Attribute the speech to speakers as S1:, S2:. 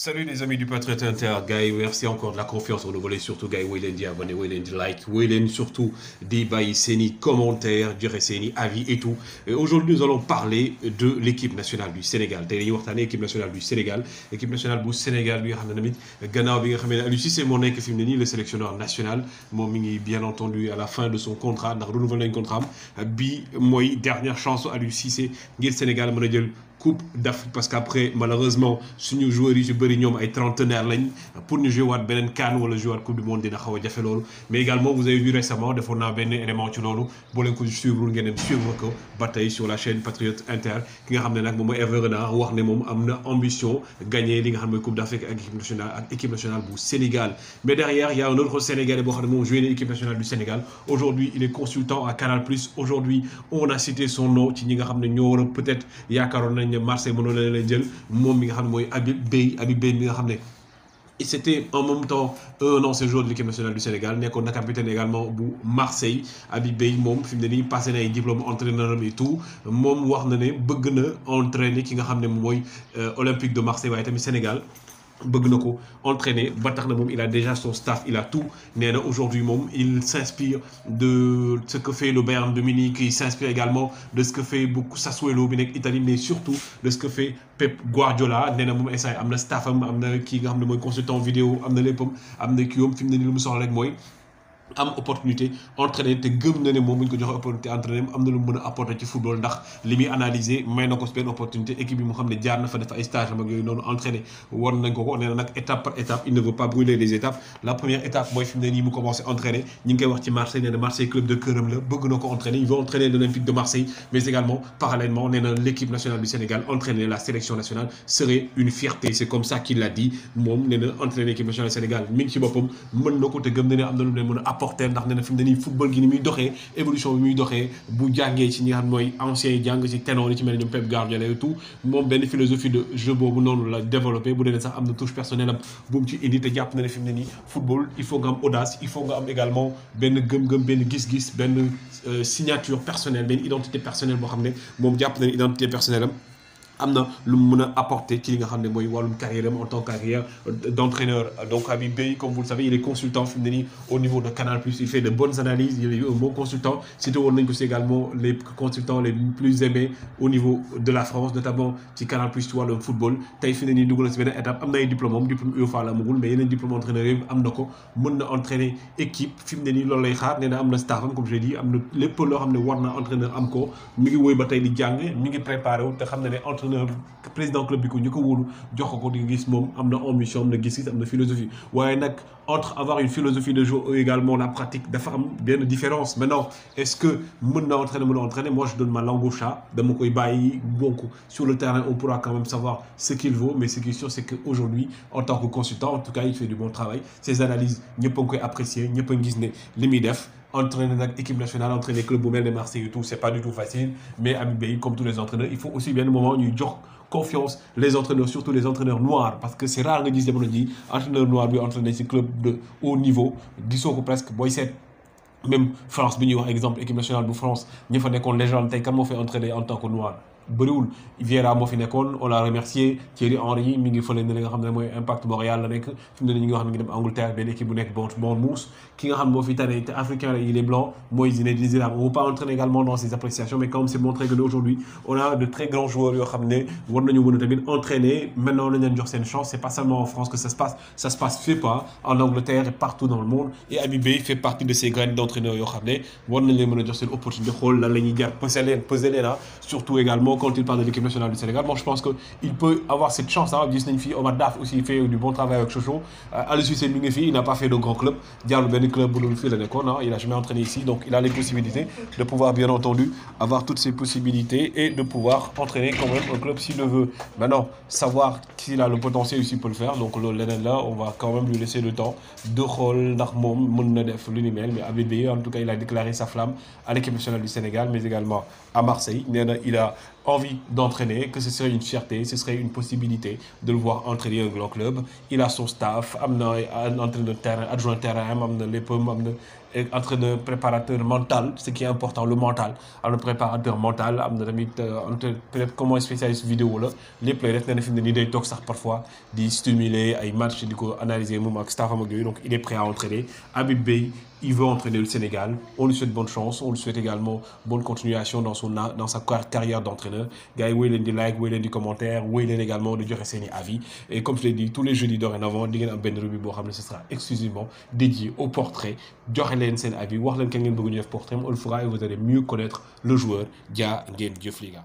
S1: Salut les amis du Patriot Inter, Guy merci encore de la confiance renouvelée, surtout Guy Wayland, abonnez Wayland, like Wayland, surtout débat, Seni, commentaires, ni avis et tout. Aujourd'hui nous allons parler de l'équipe nationale du Sénégal. Télé dañuy équipe nationale du Sénégal équipe nationale du Sénégal bi nga ghana tamit bi nga le sélectionneur national mon mingi bien entendu à la fin de son contrat dans le nouvel contrat bi moi, dernière chance à à c'est ngir Sénégal mon coupe d'Afrique parce qu'après malheureusement si joueurs yi ci bëri ñoom ay trentenaires pour nous jouer waat beneen CAN wala jouer waat coupe du monde dina xaw a jafe mais également vous avez vu récemment defoon naa benn élément ci loolu boo leen ko suivre ngeen dem suivre ko bataille sur la chaîne Patriote Inter ki nga ramené ne moment moom mooy Hervé wax ne moom ambition gagner li nga coupe d'Afrique ak équipe nationale ak équipe nationale bu Sénégal mais derrière il y a un autre Sénégalais boo xam joué l'équipe équipe nationale du Sénégal aujourd'hui il est consultant à Canal Plus aujourd'hui on a cité son nom ci ñi nga xam ñoo a peut-être nañ ne Marseille mënoon na leen jël moom mi nga xam ne mooy Habib Beye nga xam c'était en même temps non ancien joueur de l'équipe nationale du Sénégal nekkoon na capitaine également bu Marseille Habib Beye moom fi mu ne nii passé diplôme entraîneur et tout moom wax na ne bëgg na entraîner ki nga xam ne euh, Olympique de Marseille waaye tamit Sénégal. Bognoko entraîné, ko entraîner ba il a déjà son staff il a tout Néanmoins aujourd'hui mom, il s'inspire de ce que fait le Bayern de Munich il s'inspire également de ce que fait beaucoup Sassuolo mais surtout de ce que fait Pep Guardiola Néanmoins, na moom staff, staff a un consultant vidéo am na léppam am na film am fi am opportunité entraîner te gëm na ne moom bu ko joxe opportunité entraîner am na lu mëna apporter ci football ndax limi analyser may nako ko opportunité équipe bi mo xamné ne jaar na fa def ay stage ak yoy nonu entraîner woon nañ ko ko nee na étape par étape il ne veut pas brûler les étapes la première étape moi fimné ni mu commencé entraîner ñu ngi wax ci Marseille né de Marseille club de cœuram la bëgg nako entraîner il veut entraîner l'Olympique de Marseille mais également parallèlement nee na l'équipe nationale du Sénégal entraîner la sélection nationale serait une fierté c'est comme ça qu'il l'a dit mom nee na entraîner l'équipe nationale du Sénégal min ci bopum mëna ko te gëm na ne am na lu mëna apporter ndax nee na fi football gi ni muy doxee évolution bi muy doxee bu jàngee ci ñi nga xam mooy ancien yi jàng ci ténor yi ci mel ni Pep Guardiola et tout moom benn philosophie de jeu boobu noonu la développé bu dee sax am touche personnelle am bu mu ci indi te jàpp na ne fi football il faut nga am audace il faut nga am également benn gëm-gëm benn gis-gis benn euh, signature personnelle benn identité personnelle boo xam ne moom jàpp na ne identité personnelle am amna lu mu apporter ci li nga xamné moy walum carrière en tant que carrière d'entraîneur donc Habib Bey comme vous le savez il est consultant fi mu au niveau de Canal Plus il fait de bonnes analyses il est un bon consultant c'est woon nañ également les consultants les plus aimés au niveau de la France notamment ci Canal Plus ci le football tay fi ni dougal ci ben étape amna ay diplôme diplôme UEFA la mugul mais yeneen diplôme entraîneur yooyu am ko mën entraîner équipe fi ni ne lay xaar néna amna staff am comme je dit am na lépp loo xam entraîneur am ko mi ngi woy ba tay di jàng mi ngi préparer wu te xamné na président club bi ko ñu ko jox ko di gis mom am ambition philosophie entre avoir une philosophie de jeu également la pratique dafa bien de différence maintenant est-ce que mën na entraîner mën moi je donne ma langue au chat dama koy bàyyi beaucoup. sur le terrain on pourra quand même savoir ce qu'il vaut mais ce qui est sûr c'est que aujourd'hui en tant que consultant en tout cas il fait du bon travail ses analyses n'est pas ngi apprécier ñëpp a ngi gis ne entraîner l'équipe nationale, entraîner club clubs de Marseille et tout, c'est pas du tout facile. Mais Abibéi, comme tous les entraîneurs, il faut aussi bien le moment où confiance les entraîneurs, surtout les entraîneurs noirs, parce que c'est rare que disent les entraîneur noir, veut entraîner ces clubs de haut niveau, disons presque, boy Même France, par exemple, équipe nationale de France, faudrait qu'on des légendes, comment on fait entraîner en tant que noir bëriwul Vieira mo fi nekkoon on l'a remercié Thierry Henry mi ngi fële ne nga xam ne impact Montréal la nekk fi mu ne ñu ngi dem Angleterre benn équipe bu nekk bon bon mousse ki nga xam moo fi tane te africain la il est blanc mooy Zinedine Zidane on ne pas entrer également dans ses appréciations mais comme c'est montré que aujourd'hui on a de très grands joueurs yoo xam ne war nañu mën a tamit entraîner maintenant nañ leen jox seen chance c'est pas seulement en France que ça se passe ça se passe fait pas en Angleterre et partout dans le monde et Habib Bey fait partie de ces graines d'entraîneurs yoo xam ne war nañ leen mën a jox seen opportunité xool la ñuy jar peser leen les leen surtout également quand il parle de l'équipe nationale du Sénégal. Bon, je pense qu'il peut avoir cette chance. Hein. Disney Omar Daf aussi, il fait du bon travail avec Chocho. Euh, la Suisse il n'a pas fait de grand club. Hein. il n'a jamais entraîné ici. Donc, il a les possibilités de pouvoir, bien entendu, avoir toutes ces possibilités et de pouvoir entraîner quand même un club s'il le veut. Maintenant, savoir s'il a le potentiel aussi pour le faire. Donc, là, on va quand même lui laisser le temps de rôle, d'Armom, Mounadef, l'unimel. Mais ABB, en tout cas, il a déclaré sa flamme à l'équipe nationale du Sénégal, mais également à Marseille. Il a envie d'entraîner, que ce serait une fierté, ce serait une possibilité de le voir entraîner un grand club. Il a son staff, il un entraîneur terrain adjoint terrain les les pommes entraîneur préparateur mental ce qui est important le mental alors le préparateur mental euh, peut-être comment spécialiste vidéo les les lay def nee des talks parfois di stimuler ay matchs analyser donc il est prêt à entraîner Habib Bey il veut entraîner le Sénégal on lui souhaite bonne chance on lui souhaite également bonne continuation dans son dans sa carrière d'entraîneur gars yi woy likes di like woy leen di commentaire woy également de dire ses avis et comme je l'ai dit tous les jeudis dorénavant ce sera exclusivement dédié au portrait joxe leen sen avis wax leen ken ngeen bëgg ñu def portrait on le fera et vous allez mieux connaître le joueur dia ngeen jëf liga